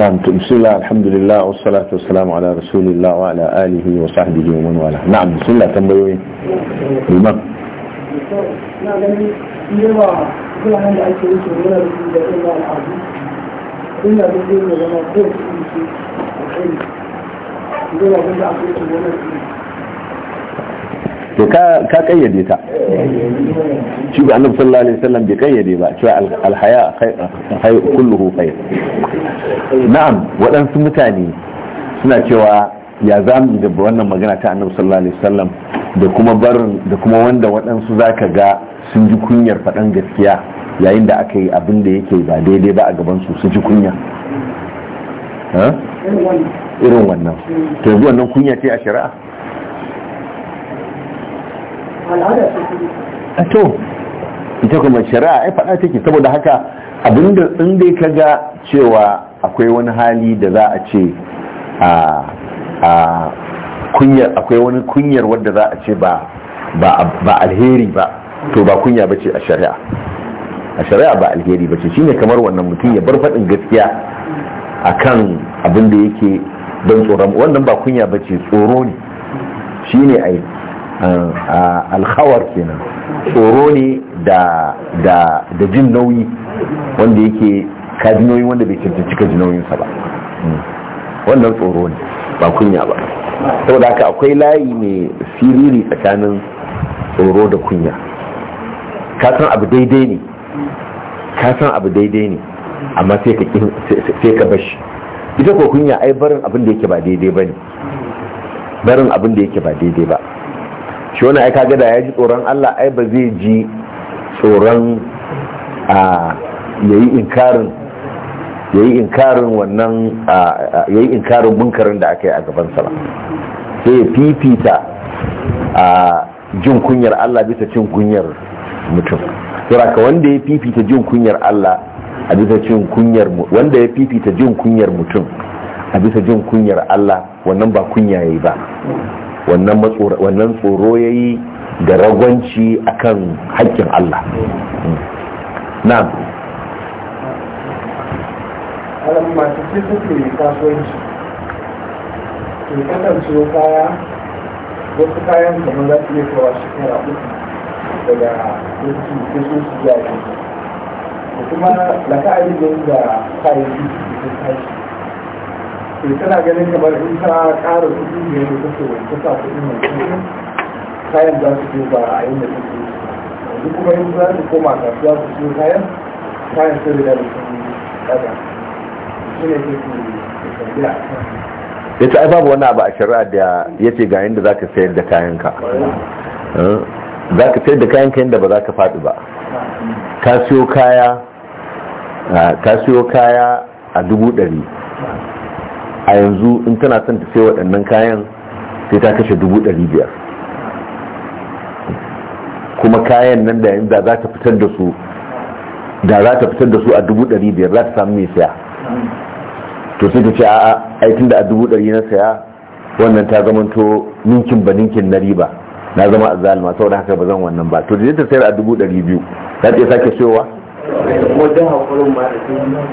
نعم بسم الله الحمد لله والصلاة والسلام على رسول الله وعلى آله وصحبه ومن والاه نعم بسم الله تنبيوي الماء نعم to ka kayyade ta shi ga annabi sallallahu alaihi wasallam bai kayyade ba cewa alhaya hay kulluhu khair na'am waɗansu mutane suna cewa ya zamu da wannan magana ta annabi sallallahu alaihi wasallam da kuma barin da kuma wanda waɗansu zaka ga sun ji kunyar faɗan gaskiya yayin da aka yi abin da yake ba daidai ba a gaban su su ji kunya irin wannan to yanzu wannan kunya ce a shari'a A to ita kuma shari'a ai faɗa take saboda haka abinda in dai ka ga cewa akwai wani hali da za a ce a kunyar akwai wani kunyar wadda za a ce ba alheri ba to ba kunya ba ce a shari'a a shari'a ba alheri ba ce shine kamar wannan mutum ya bar faɗin gaskiya akan abin da yake don tsoron wannan ba kunya ba ce tsoro ne shine ai alkhawar kenan tsoro ne da jin nauyi wanda yake kaji nauyi wanda bai cancanci kaji nauyinsa ba wannan tsoro ne ba kunya ba saboda haka akwai layi mai siriri tsakanin tsoro da kunya ka san abu daidai ne ka san abu daidai ne amma sai ka bashi ita ko kunya ai barin abin da yake ba daidai ba ne. barin abin da yake ba daidai ba shi wani aika gada ya ji tsoron Allah ai ba zai ji tsoron a yayi inkarin yayi inkarin wannan yayi inkarin bunkarin da aka yi a gaban sa ba sai ya fifita a jin kunyar Allah bisa cin kunyar mutum ka wanda ya fifita jin kunyar Allah a bisa cin kunyar wanda ya fifita jin kunyar mutum a bisa jin kunyar Allah wannan ba kunya yayi ba wannan tsoro ya yi da ragwanci akan haƙƙin Allah na masu ce suke kasuwanci ke kasance kaya wasu kayan kamar za su iya kawo shekara uku daga yanki da su su da kuma laka da kayayyaki da kayayyaki to tana ganin kamar in ta ƙara kuɗi ne da kake wani sa kuɗi mai kuɗi kayan za su je ba a yin da kake yanzu kuma in za su koma kasuwa su siyo kayan kayan sai da da sun ɗaga shi ne ke ke tambaya ya ce ai babu wani abu a shari'a da ya ce ga yadda za ka sayar da kayanka hmm? za ka sayar da kayanka yadda ba za ka faɗi ba ka siyo kaya a dubu ɗari a yanzu in tana son ta sai waɗannan kayan sai ta kashe dubu ɗari biyar kuma kayan nan da yanzu za ta fitar da su da za ta fitar da su a dubu ɗari biyar za ta samu mai saya to sai ta ce a aikin da a dubu ɗari na saya wannan ta zamanto ninkin ba ninkin na riba na zama a zalima saboda haka ba zan wannan ba to da ta sayar a dubu ɗari biyu za ta iya sake sayowa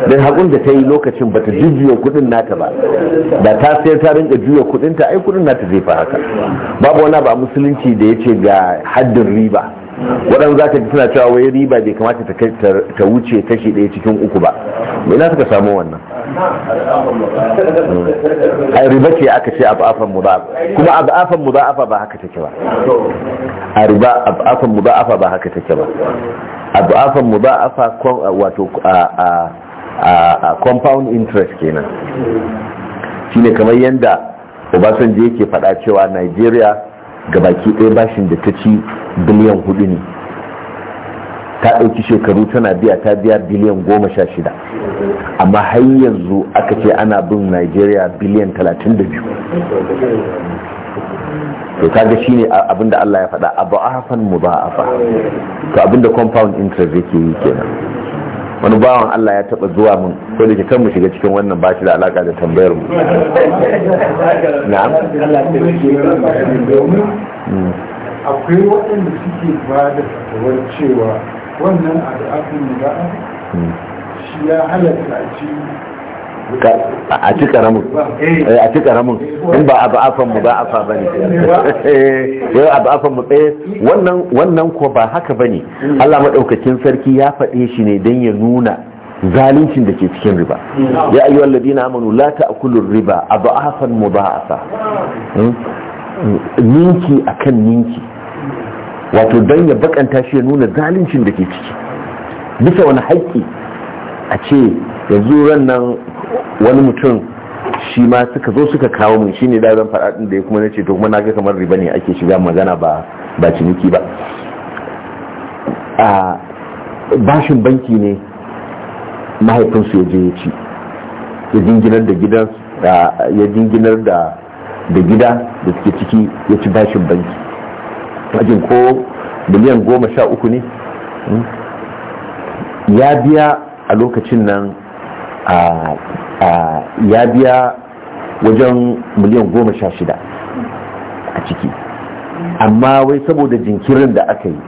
don haƙun da ta yi lokacin ba ta jujjuya kudin nata ba da ta sai ta rinka juya kudin ta ai kudin nata zai fa haka babu wani ba musulunci da ya ce ga haddin riba waɗanda za ka ji suna cewa wai riba bai kamata ta wuce kashi ɗaya cikin uku ba ina suka samu wannan a riba ce aka ce abafan muda'afa kuma abafan muda'afa ba haka take ba a riba abafan muda'afa ba haka take ba abafan muda'afa wato a compound interest kenan shine kamar yadda obasanjo yake faɗa cewa nigeria gabaki ɗaya bashin da ta ci biliyan hudu ne ta ɗauki shekaru tana biya ta biya biliyan goma sha shida amma har yanzu aka ce ana bin nigeria biliyan talatin da biyu to kaga shi abin da Allah ya faɗa a hafan mu a to abin da compound interest yake yi kenan wani bawan Allah ya taɓa zuwa mun ko da kan mu shiga cikin wannan ba shi da alaƙa da tambayar mu na'am akwai waɗanda suke ba da cewa wannan a da aka riga shi ya halatta a ci a ci karamin eh. eh, a ci karamin eh, in ba abu afan mu ba afa ba ne yau abu mu tsaye wannan ko ba haka ba ne hmm. allah maɗaukacin sarki ya faɗe shi ne don ya nuna zalincin da ke cikin riba hmm. ya ayyu alladina amanu la ta'kulu riba abu afan mu ba afa hmm? ninki akan ninki wato don ya bakanta shi ya nuna zaluncin da ke ciki bisa wani haƙƙi a ce yanzu ran nan wani mutum shi ma suka zo suka kawo mun shi ne zan faɗa ɗin da ya kuma na ce to kuma na ga kamar riba ne ake shiga magana ba ba ciniki ba a bashin banki ne mahaifinsu ya je ya ci ya jinginar da gidan ya jinginar da gida da suke ciki ya ci bashin banki ajin ko miliyan goma sha uku ne hmm? ya biya a lokacin nan ya biya wajen miliyan goma sha shida a ciki amma wai saboda jinkirin da aka yi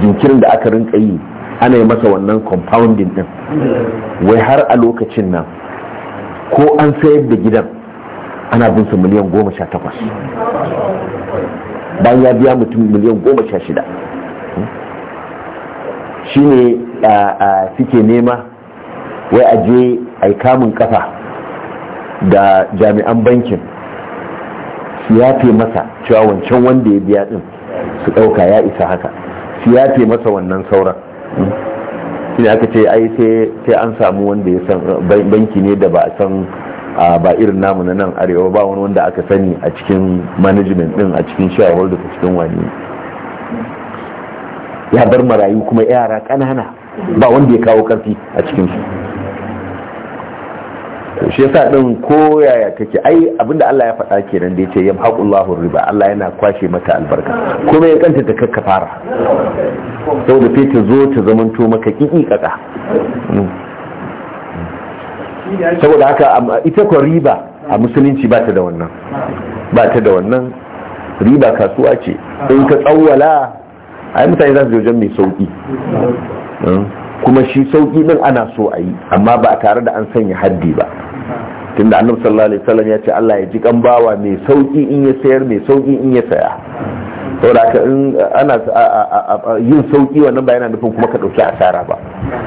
jinkirin da aka rinka yi ana yi masa wannan compounding din wai har a lokacin nan ko an sayar da gidan ana bin su miliyan goma sha takwas bayan ya biya mutum miliyan goma sha shida shi ne suke nema wai a je a kamun kafa da jami'an bankin su yafe masa cewa wancan wanda ya biya din su ɗauka ya isa haka su yafe masa wannan sauran shi ne aka ce ai sai an samu wanda ya san banki ne da ba a san a ba irin namu na nan arewa ba wani wanda aka sani a cikin management din a cikin shareholders a cikin wani ya bar marayu kuma yara kanana ba wanda ya kawo karfi a cikin su shi yasa din ko yaya kake ai abinda Allah ya faɗa kenan da yace yamhaqullahu riba Allah yana kwashe mata albarka kuma ya kanta ta kakka fara saboda fete zo ta zamanto maka kiki kaka saboda haka ita kwa riba a musulunci ba ta da wannan ba ta da wannan riba kasuwa ce in ka tsawwala a yi mutane za su wajen mai sauki hmm? kuma shi sauki din ana so a yi amma ba tare da an sanya haddi ba tunda annab sallallahu alaihi wasallam ya ce Allah ya ji kan bawa mai sauki in ya sayar mai sauki in ya saya saboda haka in ana yin sauki wannan ba yana nufin kuma ka dauki asara ba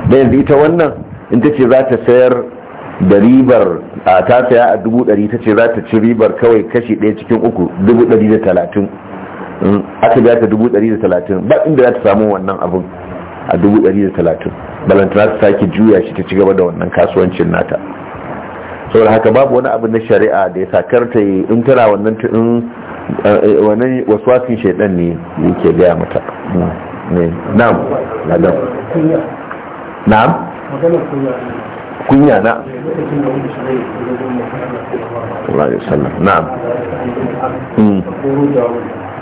da yanzu ita wannan in ta ce za ta sayar da ribar a ta saya a dubu ɗari ta ce za ta ci ribar kawai kashi ɗaya cikin uku dubu ɗari da talatin aka biya ta dubu ɗari da talatin ba inda za ta samu wannan abin a dubu ɗari da talatin balantana ta sake juya shi ta ci gaba da wannan kasuwancin nata saboda haka babu wani abu na shari'a da ya sakar ta yi in tana wannan eh, eh, wannan waswasin shaidan ne yake gaya mata hmm. eh, na'am na'am kunya na Allah ya sanna na'am mm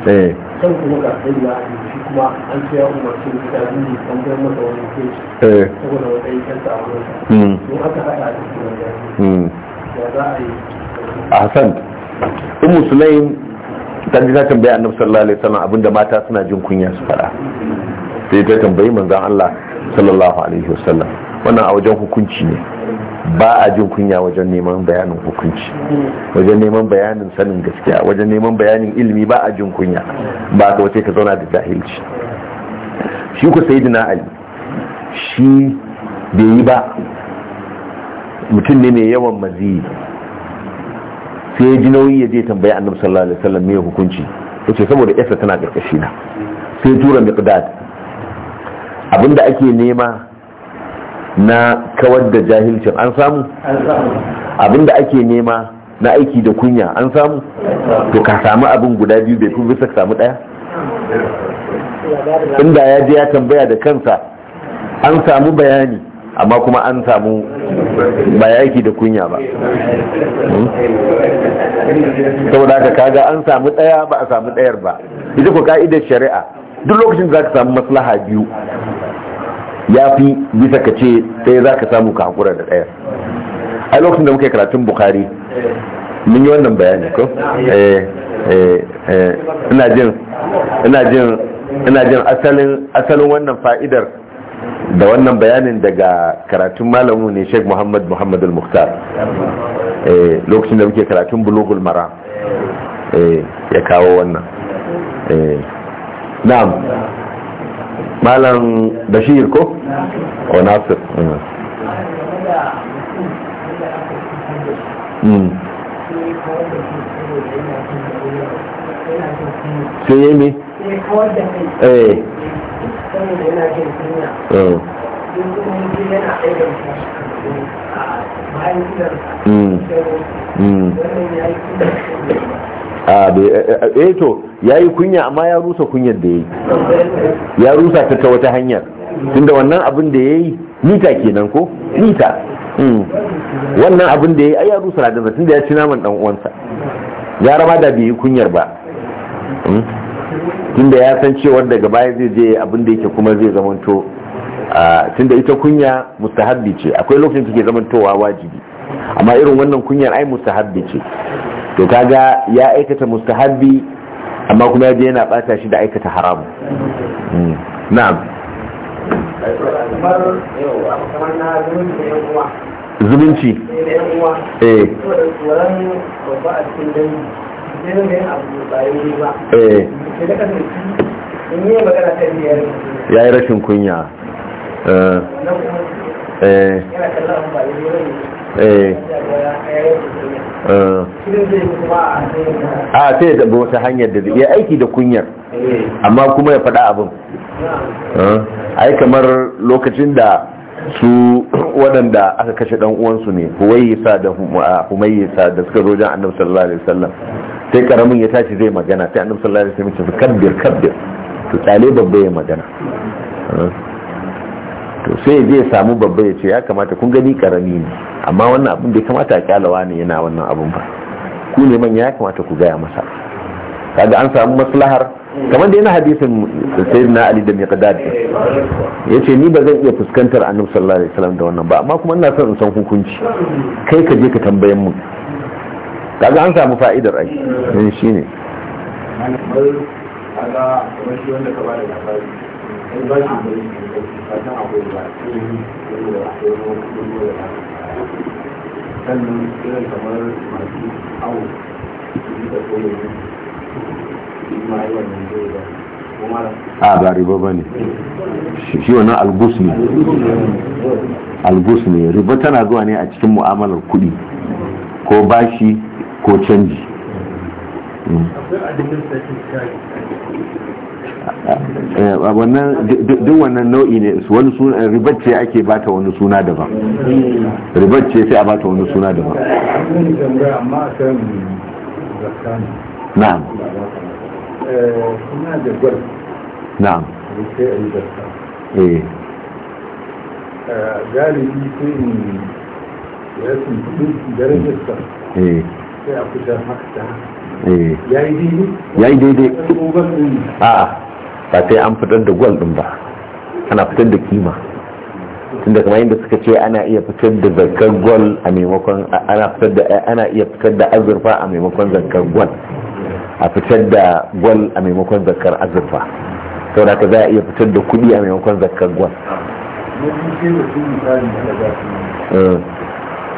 eh kan kuma ka sai ya shi kuma an ce ya shi da ta kan tambayar mata wani ke eh saboda wata yi kanta a wurin mm aka hada a cikin mm ya za a yi ahsan ummu sulaim ta ji ta tambaya annabi sallallahu alaihi wasallam abinda mata suna jin kunya su fada sai ta tambayi manzan Allah sallallahu alaihi wasallam wannan a wajen hukunci ne ba a jin kunya wajen neman bayanin hukunci wajen neman bayanin sanin gaskiya wajen neman bayanin ilimi ba a jin kunya ba ka wace ka zauna da jahilci shi ku dina ali shi bai yi ba mutum ne mai yawan mazi sai ji nauyi ya je tambaya annabi sallallahu alaihi wasallam me hukunci yace saboda yasa tana karkashi na sai tura miqdad abinda ake nema na kawar da jahilcin an samu abinda ake nema na aiki da kunya an samu to ka samu abin guda biyu bai kuma bisa ka samu daya inda ya je ya tambaya da kansa an samu bayani amma kuma an samu ba yaki da kunya ba hmm? saboda ka kaga an samu daya ba a samu dayar ba ita ku ka'idar shari'a duk lokacin za ka samu maslaha biyu ya fi bisa ka ce sai za ka samu ka hakura da ɗaya a lokacin da muka yi karatun bukari mun yi wannan bayani ko eh, eh, eh, ina jin ina jin ina jin asalin asalin wannan fa'idar da wannan bayanin daga karatun malamu ne sheik muhammad muhammad al-mukhtar lokacin da muke karatun bulogul mara ya kawo wannan na'am malam bashir ko ko nasir mm. Mm. sai yi eh Mm. Mm. mm. Eto ya yi kunya amma ya rusa kunyar da ya yi ya rusa ta wata hanyar tunda wannan abin da ya yi mita kenan ko mita hmm. wannan abin da ya yi ya rusa radansa tunda ya ci naman dan uwansa ya rama da bai yi kunyar ba hmm. tunda ya san cewar daga baya zai je abin da yake kuma zai zamanto tunda ita kunya mustahabbi ce akwai lokacin da take zamantowa wajibi amma irin wannan kunyar ai mustahabbi ce to kaga ya aikata mustahabbi amma kuma yaje yana bata shi da aikata haramu mm. na'am Zubinci. Eh. Eh. ya yi rashin kunya eh. a ta yi sai wata hanyar da ya aiki da kunyar amma kuma ya faɗa abin eh. ai kamar lokacin da su waɗanda aka kashe ɗan uwansu ne huwaisa da humaisa da suka rojan annabi sallallahu alaihi wasallam sai karamin ya tashi zai magana sai annabi sallallahu alaihi wasallam ya ce kabbir kabbir to tsale babba ya magana eh. to sai zai samu babba ya ce ya kamata kun gani karami ne amma wannan abin bai kamata a kyalawa ne yana wannan abin ba ku ne manya ya kamata ku gaya masa kaga an samu maslahar kamar da yana hadisin sayyidina ali da miqdad yace ni ba zan iya fuskantar annabi sallallahu alaihi wasallam da wannan ba amma kuma ina son in san hukunci kai ka je ka tambayen mu kaga an samu fa'idar ai shine kaga wani wanda ka labari sannan ba a ba riba ba ne shi wannan algus ne algus ne riba tana zuwa ne a cikin mu'amalar kuɗi ko bashi ko canji hmm. Eh, wannan duk wannan nau'i ne wani suna ribacce ake bata wani suna daban ribacce sai a bata wani suna daban na'am da gwal na'am eh galibi sai in yasin kudin sai a kusa haka eh. ya yi daidai ya yi daidai a'a ba sai an fitar da gwal din ba ana fitar da kima tunda kamar yadda suka ce ana iya fitar da zarkar gwal a maimakon ana fitar da ana iya fitar da azurfa a maimakon zarkar gwal a fitar da gwal a maimakon zarkar azurfa da ka za a iya fitar da kuɗi a maimakon zarkar gwal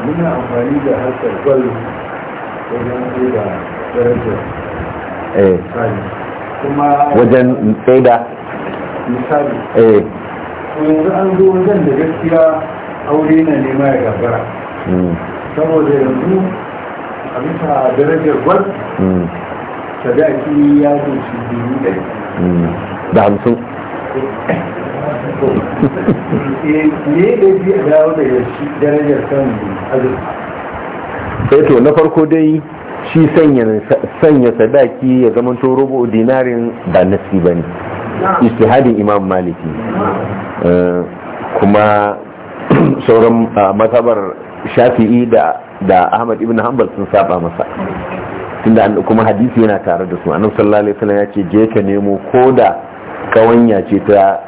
muna eh. amfani eh. da harkar gwal wajen da darajar wajen tsaida misali eh yanzu an zo wajen da gaskiya aure na nema ya gagara hmm. saboda yanzu a bisa darajar gwal hmm. sadaki ya zo shi biyu da hmm. da hamsin eh, ne da biyu a dawo da yashi darajar kan azurfa sai eh, to na farko dai shi sanya sadaki ya zama to rubu dinarin ba nasi ba ne istihadin imam maliki eh, kuma sauran ah, matabar shafi'i da ahmad ibn hanbal sun saba masa tunda kuma hadisi yana tare da su annabi sallallahu alaihi wasallam ya ce je ka nemo koda kawanya ce ta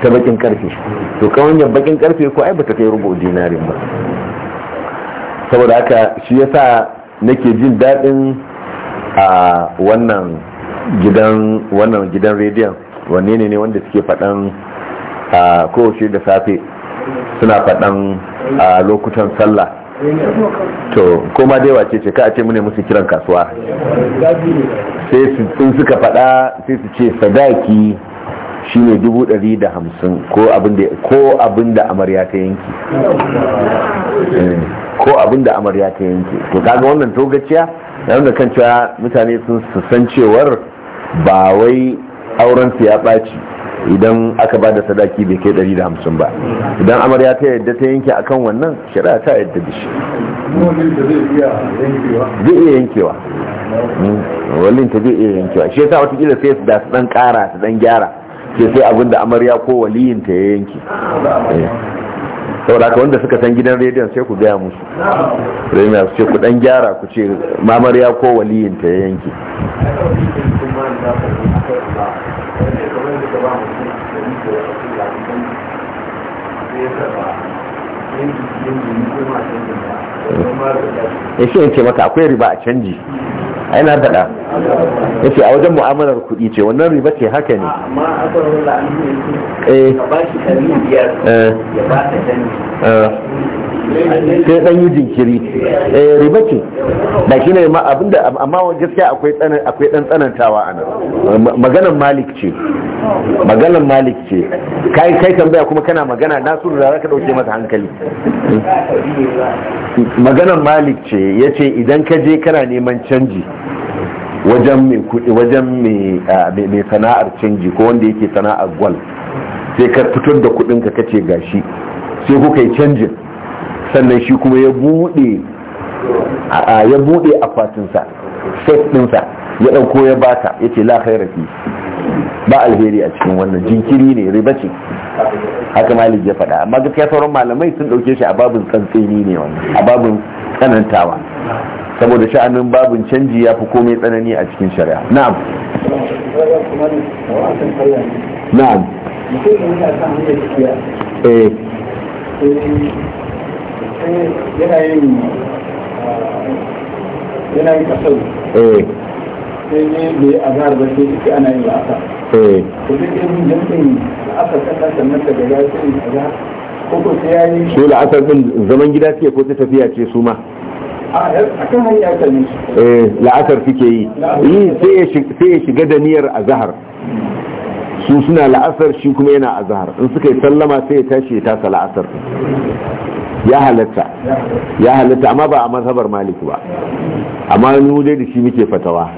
ta bakin karfe to kawanya bakin karfe ko ai bata kai rubu dinarin ba saboda haka shi yasa nake jin daɗin a wannan gidan wannan gidan rediyon wanne ne ne wanda suke faɗan a kowace da safe suna faɗan a lokutan sallah to koma dai wace ce ka a ce mune musu kiran kasuwa sai sun suka faɗa sai su ce sadaki shine dubu ɗari da hamsin ko abin da amarya ta yanki eh. ko abin da amarya ta yanke to kaga wannan togaciya na wanda kan cewa mutane sun san cewar ba wai auren su ya ɓaci idan aka ba da sadaki bai kai 150 ba idan amarya ta yadda ta yanke akan wannan shari'a ta yadda da shi zai iya yankewa hmm. wallin ta zai iya yankewa shi yasa watakila sai su da su dan kara su dan gyara sai sai abin da amarya ko waliyin ta ya yanke eh. saboda ka wanda suka san gidan rediyon sai ku gaya musu rediyon su ce ku dan gyara ku ce mamariya ko waliyinta ya yanke ya eh, shi yanke maka akwai riba a canji aina na Ya ce a wajen mu'amalar kuɗi ce wannan riba ce haka ne eh. eh. eh. sai dan yi jinkiri eh riba ce shi ne ma abinda amma gaskiya akwai ɗan akwai dan tsanantawa ana maganar malik ce maganar malik ce kai kai tambaya kuma kana magana su da zaka dauke masa hankali maganar malik ce yace idan ka je kana neman canji wajen mai kudi wajen ah, mai sana'ar canji ko wanda yake sana'ar gwal sai ka fitar da kudin ka kace gashi sai kuka yi canjin sannan shi kuma ya bude ya bude akwatinsa set ɗinsa ya ɗauko ya baka yace la khairati ba alheri a cikin wannan jinkiri ne riba ce haka malik ya faɗa amma gaskiya sauran malamai sun ɗauke shi a babin tsantseni ne wannan a babin tsanantawa saboda sha'anin babin canji ya fi komai tsanani a cikin shari'a na'am na'am eh yana yin yana yin kasau eh sai ne bai a zahar ba sai ita ana yin la'asa eh. to duk yin jam'in la'asar kasa sannan daga ya sai a ko koko sai ya yi su la'asar ɗin zaman gida suke ko ta tafiya ce su ma a kan hanyar ta ne eh, la'asar suke yi yi sai ya shiga da niyyar a zahar su suna la'asar shi kuma yana a zahar in suka yi sallama sai ya tashi ya tasa la'asar ya halatta ya halatta amma ba a mazhabar malik ba amma mu dai da shi muke fatawa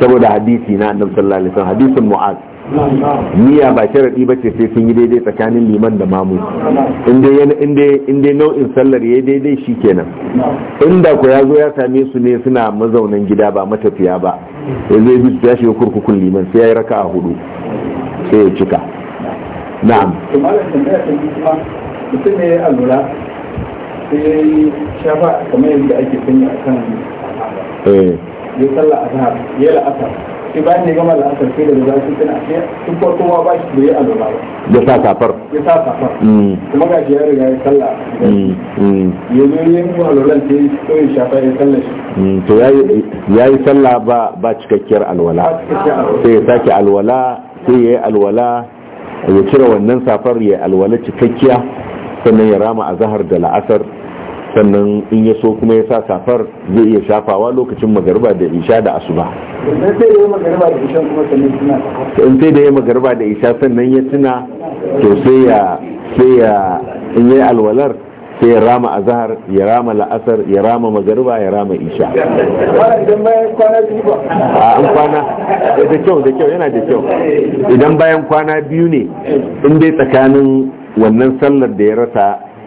saboda hadisi na annabi sallallahu alaihi wasallam hadisin mu'az niyya ba sharadi ba ce sai sun yi daidai tsakanin liman da mamu in dai nau'in sallar ya daidai shi kenan inda ku ya zo ya same su ne suna mazaunan gida ba matafiya ba ya zai bi ya shiga kurkukun liman sai ya yi raka a hudu sai ya cika na'am mutum ne ya lura sai shafa kamar yadda ake sanya akan Eh. ya sallah a zahar ya la'asar sai bayan ya gama la'asar sai da da zafi tana sai tun farko ma ba shi bai alwala ba ya sa safar ya sa safar mm. kuma ga shi ya riga ya sallah mm, mm. ya zo ya yi alwalan sai ya so ya shafa ya sallah shi to ya yi sallah ba ba cikakkiyar alwala sai ya sake alwala sai ya yi alwala ya cire wannan safar ya alwala cikakkiya sannan ya rama a zahar da la'asar sannan in ya so kuma ya sa safar zai iya shafawa lokacin magariba da isha da asuba in sai da ya magariba da isha sannan ya tuna to sai ya sai ya in yi alwalar sai ya rama azhar ya rama la'asar ya rama magariba ya rama isha an kwana da kyau da kyau yana da kyau idan bayan kwana biyu ne in dai tsakanin wannan sallar da ya rasa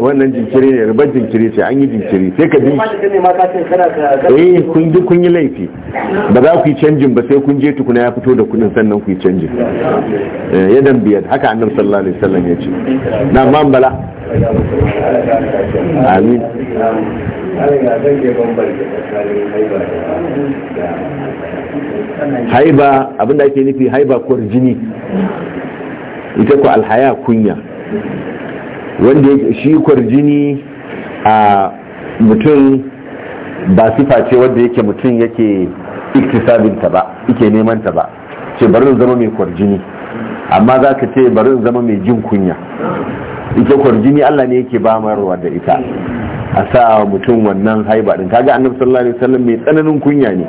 wannan jinkiri ne rubar jinkiri ce an yi jinkiri sai ka dinki eh kun ji kun yi laifi ba za ku yi canjin ba sai kun je tukuna ya fito da kudin sannan ku yi canjin eh, yadan biyar haka annabi sallallahu alaihi wasallam ya ce na man bala amin haiba abinda ake nufi haiba ko jini ita ku alhaya kunya wanda shi kwarjini a mutum ba sifa ce wanda yake mutum yake iktisabinta ba yake nemanta ba ce bari zama mai kwarjini amma za ka ce bari zama mai jin kunya ita kwarjini Allah ne yake bamarwa da ita a sa mutum wannan haiba din kaga annabi sallallahu alaihi wasallam mai tsananin kunya ne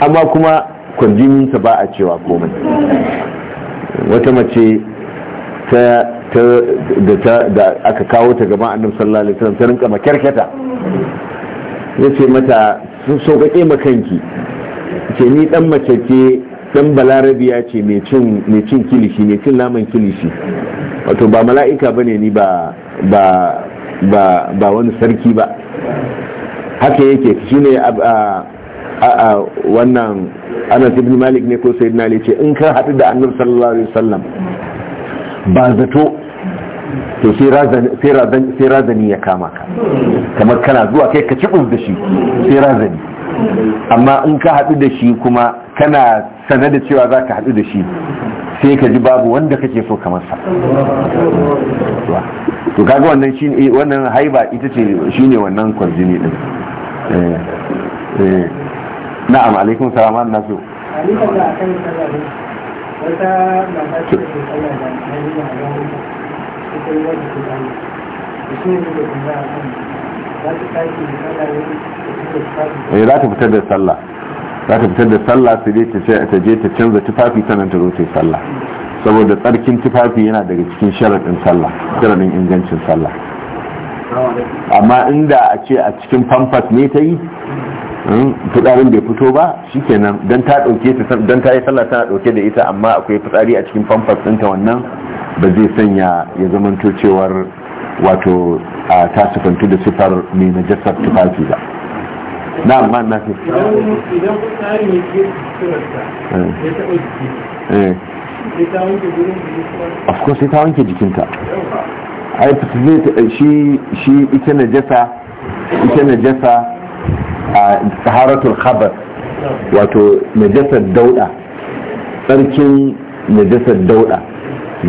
amma kuma kwarjininsa ba a cewa komai wata mace ta da aka kawo ta gaban annab sallallahu alaihi wasallam ta rinka makarkata ya ce mata sun sauƙaƙe makanki ce ni dan mace ce dan balarabiya ce mai cin kilishi mai cin naman kilishi wato ba mala'ika ba ne ni ba wani sarki ba haka yake shi ne a wannan anas ibn malik ne ko sayyidina ali ce in ka haɗu da annab sallallahu alaihi wasallam ba zato to sai razani ya kama ka kamar kana zuwa kai ka cikus da shi sai razani amma in ka haɗu da shi kuma kana sanar da cewa za ka haɗu da shi sai ka ji babu wanda kake so kamar sa to kaga wannan ne eh, wannan haiba ita ce ne wannan kwarjini ɗin eh, eh. na'am alaikum salam annabi wata ta za ta eh, da tsalla za ta fitar da sallah za ta fitar da sallah sai dai ta je ta canza tufafi sannan ta zo ta sallah saboda tsarkin tufafi yana daga cikin sharaɗin sallah sharaɗin ingancin sallah amma inda a ce a cikin famfas ne ta yi fitsarin bai fito ba shikenan dan ta dauke ta dan ta yi sallah tana dauke da ita amma akwai fitsari a cikin pampers ɗinta wannan ba zai sanya ya to cewar wato ta sufantu da sifar mai najasar tufafi ba na amma na fi idan fitsarin ya ke eh. eh. ya of course sai ta wanke jikinta ai shi ita najasa ita najasa A taharatul khabar wato najasar dauda tsarkin najasar dauda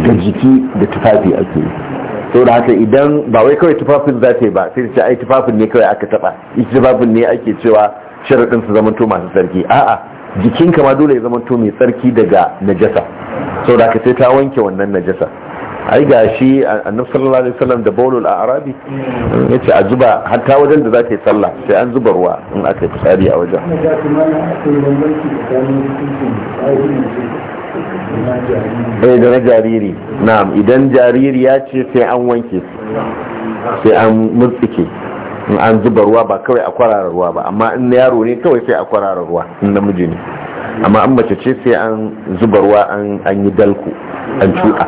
ga jiki da tufafi ake yi da haka idan ba wai kawai tufafin za ta yi ba sai ce ai tufafin ne kawai aka taba ita tufafin ne ake cewa sharaɗin su zama to masu tsarki a'a jikin ma dole ya zama to mai tsarki daga najasa da haka sai ta wanke wannan najasa ai shi annabi sallallahu alaihi wasallam da bolul arabi yace a zuba hatta wajen da zake sallah sai an zuba ruwa in aka yi fitsari a wajen bai da na jariri na'am idan jariri ya ce sai an wanke sai an murtsike in an zuba ruwa ba kawai a kwarara ruwa ba amma in yaro ne kawai sai a kwarara ruwa in namiji ne amma an mace ce sai an zuba ruwa an yi dalku an cuɗa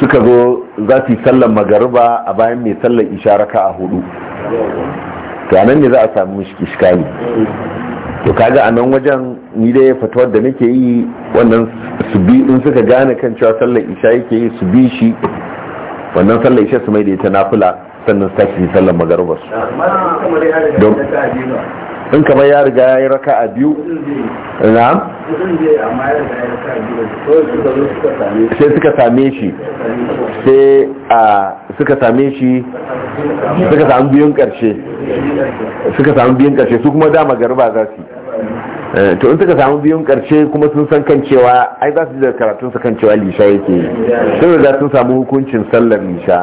suka zo za su yi sallar magariba a bayan mai sallar isharaka a hudu to nan ne za a samu shikani to kaga a nan wajen ni dai fatuwar da nake yi wannan su bi in suka gane kan cewa sallar isha yake yi su bi shi wannan sallar isha su mai da ita nafula sannan su tashi sallar magariba su in kama ya riga ya yi raka a biyu na'am sai suka same shi sai a suka same shi suka samu biyun karshe suka samu biyun karshe su kuma dama garba za su yi Eh, to in suka samu biyun karshe kuma sun san kan cewa ai za su ji da karatun su kan cewa lisha yake sun riga sun samu hukuncin sallar lisha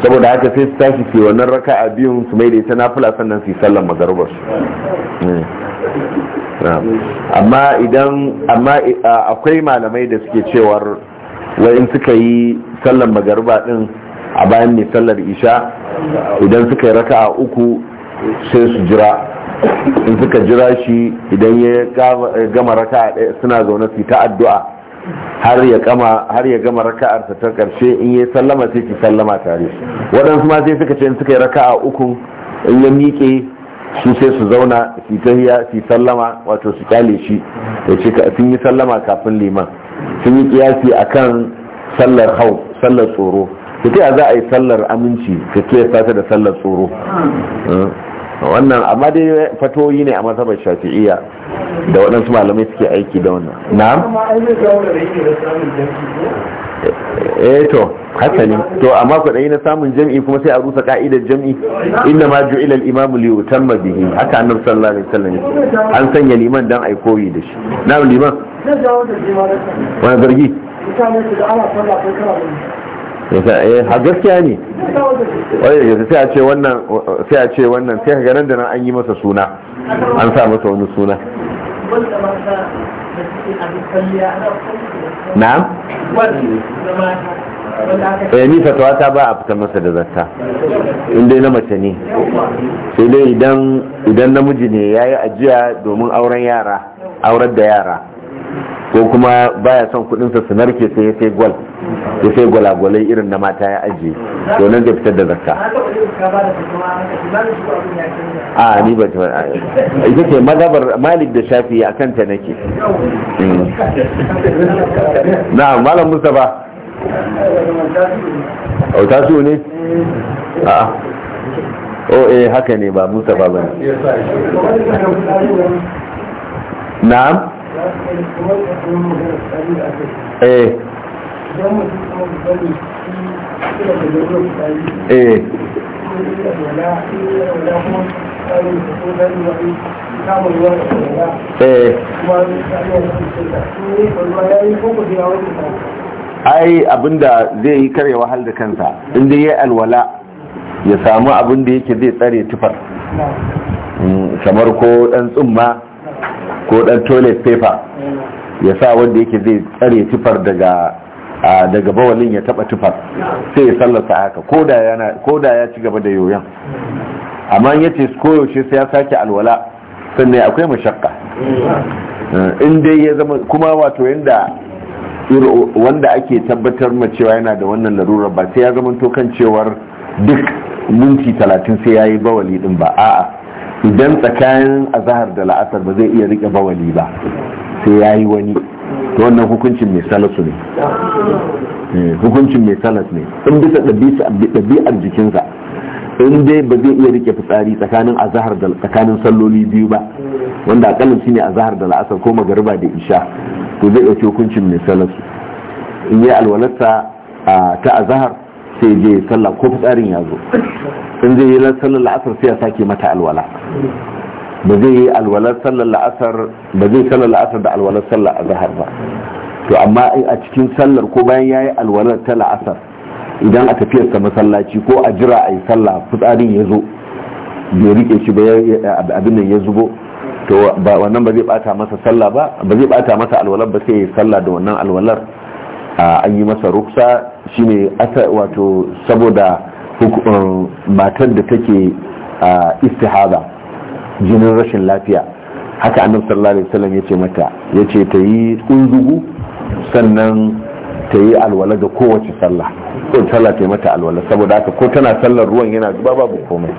saboda haka sai su tashi ke wannan raka a biyun su mai da ita nafila sannan su yi sallar magarubar su hmm. amma idan amma akwai malamai da suke cewar in suka yi sallar magaruba din a bayan mai sallar isha idan suka yi raka a uku sai su jira in suka jira shi idan ya gama raka ɗaya suna zaune su ta addu'a har ya gama har a gama ta karshe in ya sallama sai ki sallama tare waɗansu ma sai suka ce in suka yi raka'a uku in ya miƙe su sai su zauna su tahiya su sallama wato su kyale shi ya ce sun yi sallama kafin liman sun yi kiyasi akan sallar hau sallar tsoro a za a yi sallar aminci ka kiyasta ta da sallar tsoro wannan amma dai fatoyi ne a mazhabar shafi'iyya da waɗansu malamai suke aiki da wannan na'am eh, eh to haka to amma ku na samun jam'i kuma sai a rusa ka'idar jam'i inna ma ju'ila al-imam li yutamma bihi haka annabi sallallahu alaihi wasallam an sanya liman dan ai koyi da shi na'am liman wa zargi a eh, gaskiya ne sai a ce wannan sai a ce wannan sai ga nan da nan an yi masa suna an sa masa wani suna Na? eh ni fatawa ta ba a fita masa da zarta in dai na mace ne sai dai idan namiji ne ya yi ajiya domin auren yara aurar da yara ko kuma baya son kuɗinsa su ke sai ya sai gwal ya sai gwalagwalai irin na mata ya ajiye to nan zai fitar da zakka a ni ba ta ita ce mazhabar malik da shafi a kanta nake hmm. na malam mustapha au tasu ne a'a o eh haka ne ba ba ne. na'am Eh. Eh. Eh. ai abinda zai yi karya wahal da kansa inda ya alwala ya samu abinda yake zai tsare tufar mm, kamar ko dan tsumma ko dan toilet paper ya sa wanda yake zai tsare tufar daga daga bawalin ya taba tufar sai ya sallata haka ko da ya ci gaba da yoyon amma ya ce koyaushe sai ya sake alwala sannan akwai mashakka eh, in dai ya zama kuma wato yadda wanda ake tabbatar ma cewa yana da wannan larurar ba sai ya zama to kan cewar duk minti talatin sai ya yi bawali din ba a'a idan tsakanin azahar da la'asar ba zai iya rike bawali ba sai ya yi wani to wannan hukuncin mai salasu ne eh, hukuncin mai salas ne in bisa ɗabi'ar jikinsa in dai ba zai iya rike fitsari tsakanin azahar da tsakanin salloli biyu ba wanda akalin shine azahar da la'asar ko magariba da isha to zai ɗauki hukuncin mai salasu in yi alwalarsa ta azahar sai je sallah ko fitsarin ya zo in zai yi sallar la'asar sai ya sake mata alwala ba zai yi alwalar sallar la'asar ba zai sallar la'asar da alwalar sallar zahar ba to amma a cikin sallar ko bayan ya yi alwalar ta la'asar idan a tafiyar sa masallaci ko a jira a yi sallah fitsarin ya zo bai rike shi ba abin nan ya zubo to ba wannan ba zai bata masa sallah ba ba zai bata masa alwalar ba sai ya sallah da wannan alwalar an yi masa ruksa shine ata wato saboda um, matar da take istihada jinin rashin lafiya haka annabi sallallahu alaihi wasallam ce mata ya ce ta yi kunzugu sannan ta yi alwala da kowace sallah ko sallah ta yi mata alwala saboda haka ko tana sallar ruwan yana zuba babu komai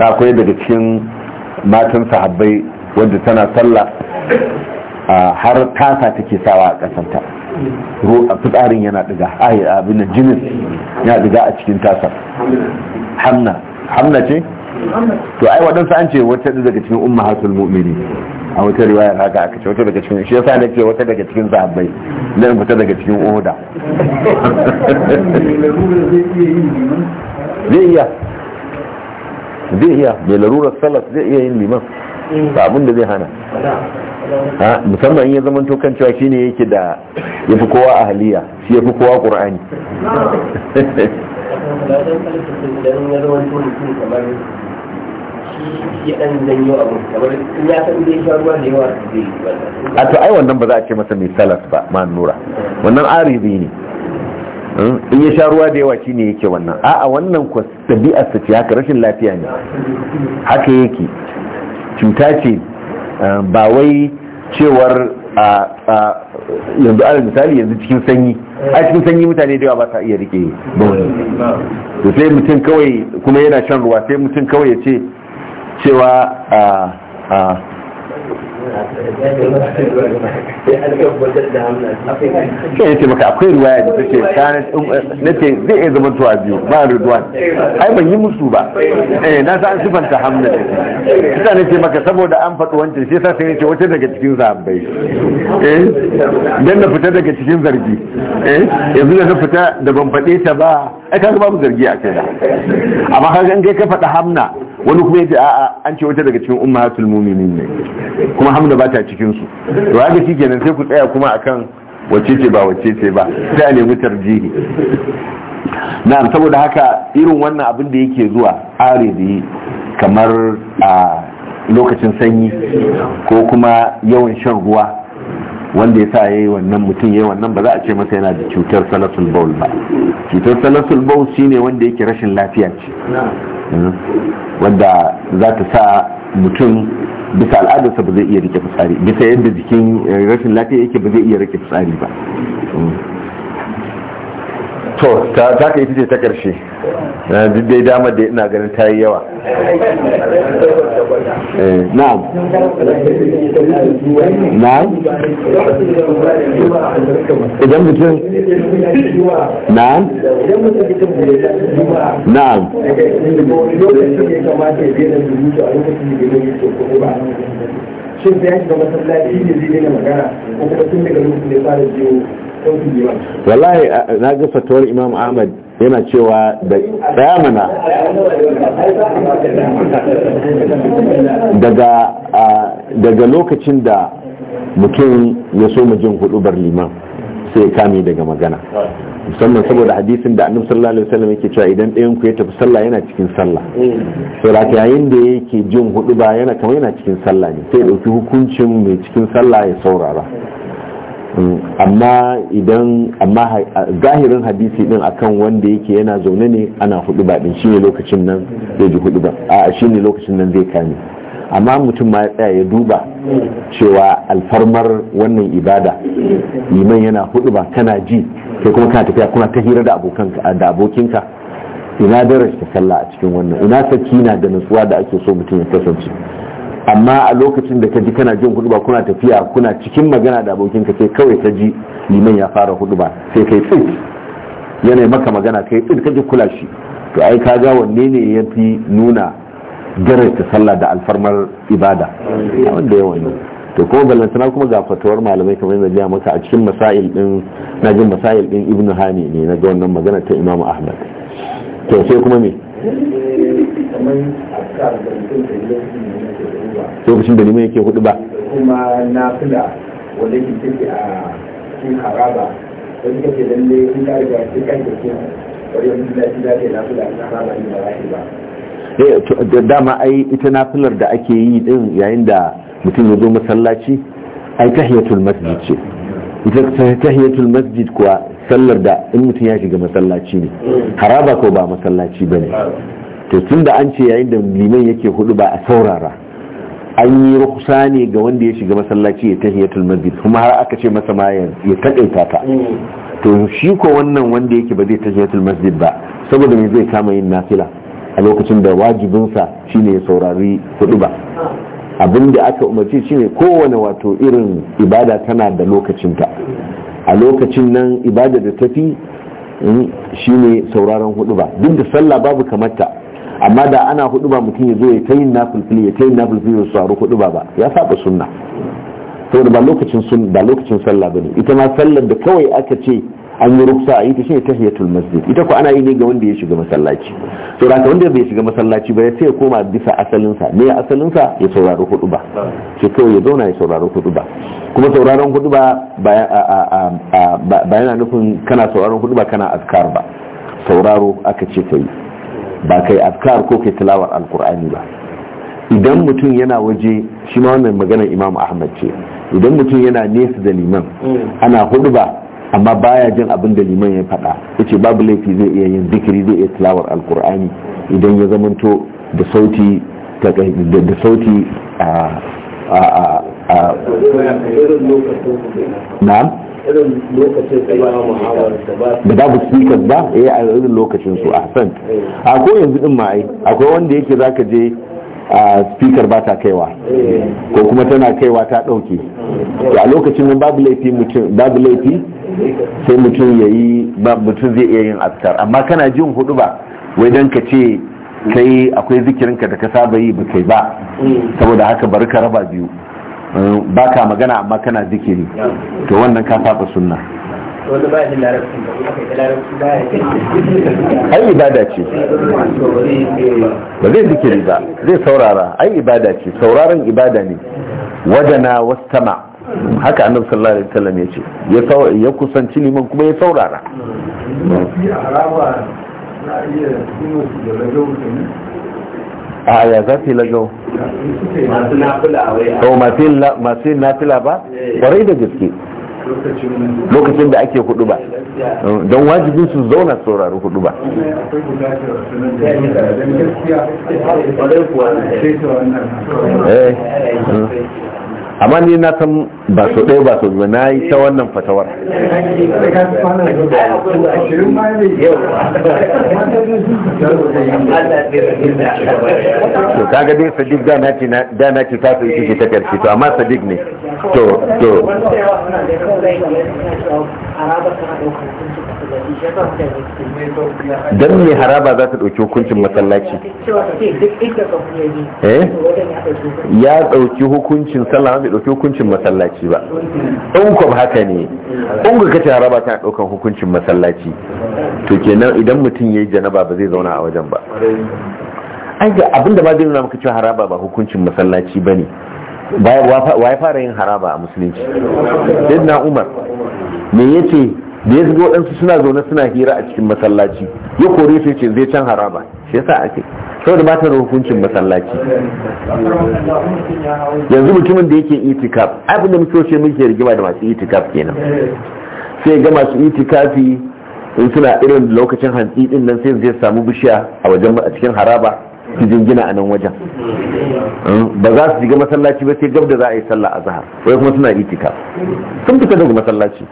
akwai daga cikin matan sahabbai wadda tana sallah har tasa take sawa a kasanta fitsarin yana diga ai abin jinin yana diga a cikin tasar hamna hamna ce to ai waɗansu an ce wata daga cikin hasul mu'mini a wata riwayar haka aka ce wata daga cikin shi yasa nake wata daga cikin sahabbai dan fita daga cikin oda zai iya zai iya mai larurar salas zai iya yin liman ba abin da zai hana musamman in ya zama tokan cewa shi ne yake da ya fi kowa a haliya shi ya fi kowa ƙur'ani a to ai wannan ba za a ce masa mai salas ba ma nura wannan arizi ne hmm? in ya sha ruwa da yawa shi ne yake wannan a'a wannan kwa tabi'arsa ce haka rashin lafiya ne haka yake cuta ce eh, ba wai cewar yanzu ala misali yanzu cikin sanyi a cikin sanyi mutane da yawa ba ta iya rike bauni da sai mutum kawai kuma yana shan ruwa sai mutum kawai ya ce cewa sai ya maka akwai ruwaya da take kanan um, na ce zai iya zama tuwa biyu ba ridwan ai ban yi musu ba eh na an sifanta hamna da ita ne ce maka saboda an faɗi wancan sai sa sai ya ce wace daga cikin zambai. eh dan na fita daga cikin zargi eh yanzu da na fita da ban faɗe ta ba ai kaga babu zargi a kai da amma kaga in kai ka faɗi hamna wani kuma yace a'a an ce wata daga cikin ummatul mu'minin ne kuma hamda ba ta cikin su to haka kenan sai ku tsaya kuma akan wacce ce ba wacce ce ba sai a nemi tarjihi na'am saboda haka irin wannan abin da yake zuwa da kamar a lokacin sanyi ko kuma yawan shan ruwa wanda ya sa ya yi wannan mutum ya yi wannan ba za a ce masa yana da cutar salatul baul ba cutar salasul shi ne wanda yake rashin lafiya ce wanda za ta sa mutum bisa al'adarsa ba zai iya rike fitsari bisa yadda jikin eh, rashin lafiya yake ba zai iya rike fitsari ba to ta ka ita ce ta karshe duk dai damar da ina ganin ta yi yawa eh, na'am na'am idan mutum na'am na'am wallahi na ga fatuwar imam ahmad yana cewa da tsayamana daga lokacin da mutum ya so jin hudubar liman sai ya kame daga magana musamman saboda hadisin da annabi sallallahu alaihi wasallam yake cewa idan ɗayan ku ya tafi sallah yana cikin sallah to da yayin da yake jin hudu ba yana kamar yana cikin sallah ne sai ya dauki hukuncin mai cikin sallah ya saurara Mm. amma idan amma gahirin hadisi din akan wanda yake yana zaune ne ana hudu ba din shine lokacin nan zai ji hudu ba a shine lokacin nan zai kame amma mutum ma ya tsaya ya duba cewa alfarmar wannan ibada liman yana hudu ba kana ji kai kuma kana tafiya kuna ta hira da da abokinka ina darasta sallah a cikin wannan ina sakina da nutsuwa da ake so mutum ya kasance amma a lokacin da ka ji kana jin hudu ba kuna tafiya kuna cikin magana da abokin ka sai kawai ka ji liman ya fara hudu ba sai kai tsit yana maka magana kai tsit ka ji kula shi to ai ka ga wanne ne ya fi nuna ta sallah da alfarmar ibada wanda ya wani to kuma balantana kuma ga fatuwar malamai kamar yadda jiya maka a cikin masail din na jin masail din ibnu hani ne na ga wannan magana ta imamu ahmad to sai kuma me lokacin da liman yake hudu ba kuma na fila wanda ke take a cikin haraba wani kake lalle in ka riga sai kai da ke wani yanzu da shi zai na fila in haraba ne ba shi ba eh, da dama ai ita nafilar da ake yi din yayin da mutum ya zo masallaci ai tahiyatul masjid ce ita tahiyatul masjid kuwa sallar da in mutum ya shiga masallaci ne haraba ko ba masallaci bane to tun da an ce yayin da liman yake hudu ba a saurara an yi rukusa ne ga wanda ya shiga masallaci ya hiyatul masjid kuma har aka ce masa ma ya takaita ta mm. to shi ko wannan wanda yake ba zai hiyatul masjid ba saboda me zai kama yin nafila a lokacin da wajibinsa shine ya saurari hudu ba abin da aka umarci shine kowane wato irin ibada tana da lokacinta a lokacin nan ibada da tafi mm, shine sauraron hudu ba duk da sallah babu kamata amma da ana hudu ba mutum ya zo ya tayin fulfili ya tayin fulfili ya saru hudu ba ba ya saba sunna saboda ba lokacin sun ba lokacin sallah bane ita ma sallar da kawai aka ce an yi ruksa a yi ta shine tahiyatul masjid ita ko ana yi ne ga wanda ya shiga masallaci saboda haka wanda bai shiga masallaci ba ya sai ya koma bisa asalin sa ne asalin sa ya saurari hudu ba sai kawai ya zauna ya saurari hudu ba kuma sauraron hudu ba ba yana nufin kana sauraron hudu ba kana azkar ba sauraro aka ce yi. ba kai afkar ko kai tilawar alkur'ani ba idan mutum yana waje shi ma wannan magana imam ahmad ce idan mutum yana nesa da liman mm. ana hudu ba amma baya jin abin da liman ya faɗa yace babu laifi zai iya yin zikiri zai iya tilawar alkur'ani idan ya zamanto da sauti da sauti a na'am irin lokacin da ba da babu speakers ba eh, a irin lokacin su a san a ko yanzu din ma akwai wanda yake za ka je a speaker ba ta kaiwa ko kuma tana kaiwa ta dauke a lokacin nan babu laifi mutum babu laifi sai mutum mutum zai iya yin askar amma kana jin hudu ba wai dan ka ce kai akwai zikirinka da ka saba yi ba kai ba mm. saboda haka bari ka raba biyu ba ka magana amma kana zikiri to wannan ka saba sunna wanda ba ai ibada ce ba zai zikiri ba zai saurara ai ibada ce sauraron ibada ne wajana wastama haka annabi sallallahu alaihi wasallam ya ce ya kusanci liman kuma ya saurara a ya za su yi lagau masu yin nafila ba eh. kwarai da gaske lokacin da ake hudu ba don wajibin su zauna saurari hudu ba eh, eh mm. amma ni na san ba so ɗaya ba so biyu na yi ta wannan fatawar to kaga dai sadiq da na ce da na ce ta sai kike ta karshe to amma sadiq ne to to don me haraba za ta ɗauki hukuncin masallaci eh? ya ɗauki hukuncin sallah bai ɗauki hukuncin masallaci ba in ku haka ne in ku kace haraba ta ɗaukan hukuncin masallaci to kenan idan mutum ya yi janaba ba zai zauna a wajen ba ai ga abinda ba zai nuna maka cewa haraba ba hukuncin masallaci ba ne wa ya fara yin haraba a musulunci sayyidina umar me yace da ya zuga waɗansu suna zaune suna hira a cikin masallaci ya kore su ce zai can haraba shi yasa ake saboda ba ta da hukuncin masallaci yanzu mutumin da yake itikaf abin da muke ce muke rigima da masu itikaf kenan sai ga masu itikafi in suna irin lokacin hantsi din nan sai zai samu bishiya a wajen a cikin haraba su jingina a nan wajen hmm, ba za su shiga masallaci ba sai gab da za a yi sallah a zahar wai kuma suna itikaf sun fita daga masallaci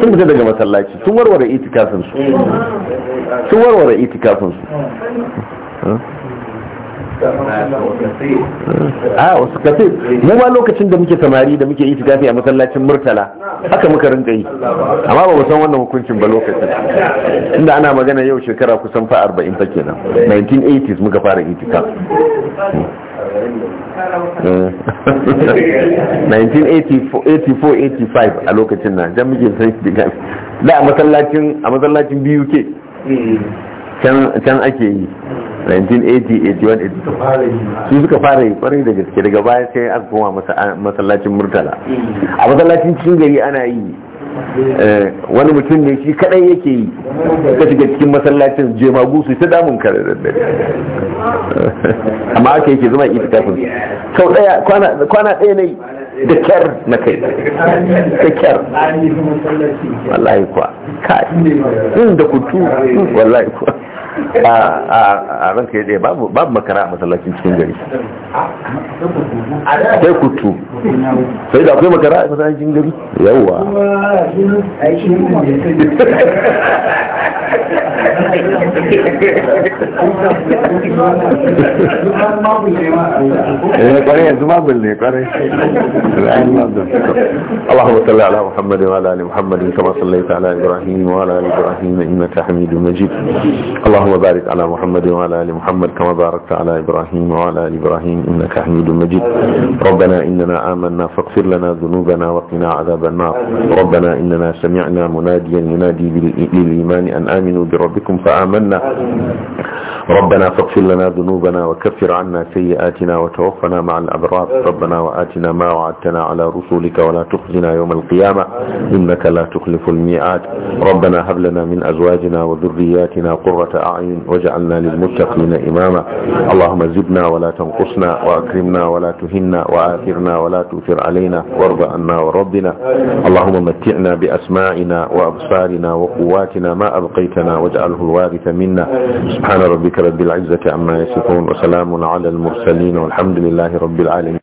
sun fita daga masallaci sun warware itikafin su sun warware itikafin su a ah, wasu kafir mu ma lokacin da muke samari da muke itikafi a masallacin murtala haka muka rinka yi amma ba mu san wannan hukuncin ba lokacin inda ana magana yau shekara kusan fa 40 ta kenan 1980s muka fara itikaf 1984-85 hmm. eh. a lokacin na jan muke san itikaf da a masallacin a masallacin BUK hmm. can ake yi 1980-81 su suka fara yi kwarai da gaske daga baya sai an koma masallacin murtala a masallacin cikin gari ana yi eh, wani mutum ne shi kadai yake yi ka shiga cikin masallacin jemagu su ta damun kare da dare amma aka yake zama itikafin sau daya kwana daya ne da kyar na kai da kyar wallahi kuwa kai da kutu wallahi kuwa a ranka yadda babu makara a masallacin cikin gari akwai kutu sai da akwai makara a masallacin gari yawwa إيه، اللهم صل على محمد وعلى آل محمد كما صليت على إبراهيم وعلى آل إبراهيم إنك حميد مجيد اللهم بارك على محمد وعلى آل محمد كما باركت على إبراهيم وعلى آل إبراهيم إنك حميد مجيد ربنا إننا آمنا فاغفر لنا ذنوبنا وقنا عذاب النار ربنا إننا سمعنا مناديا ينادي للإيمان أن آمنوا بربكم فآمنا ربنا فاغفر لنا ذنوبنا وكفر عنا سيئاتنا وتوفنا مع الأبرار ربنا وآتنا ما وعدتنا على رسولك ولا تخزنا يوم القيامة إنك لا تخلف الميعاد ربنا هب لنا من أزواجنا وذرياتنا قرة أعين وجعلنا للمتقين إماما اللهم زدنا ولا تنقصنا وأكرمنا ولا تهنا وآثرنا ولا تؤثر علينا وارض عنا وربنا اللهم متعنا بأسماعنا وأبصارنا وقواتنا ما أبقيتنا واجعله الوارث منا سبحان ربك رب العزة عما يصفون وسلام على المرسلين والحمد لله رب العالمين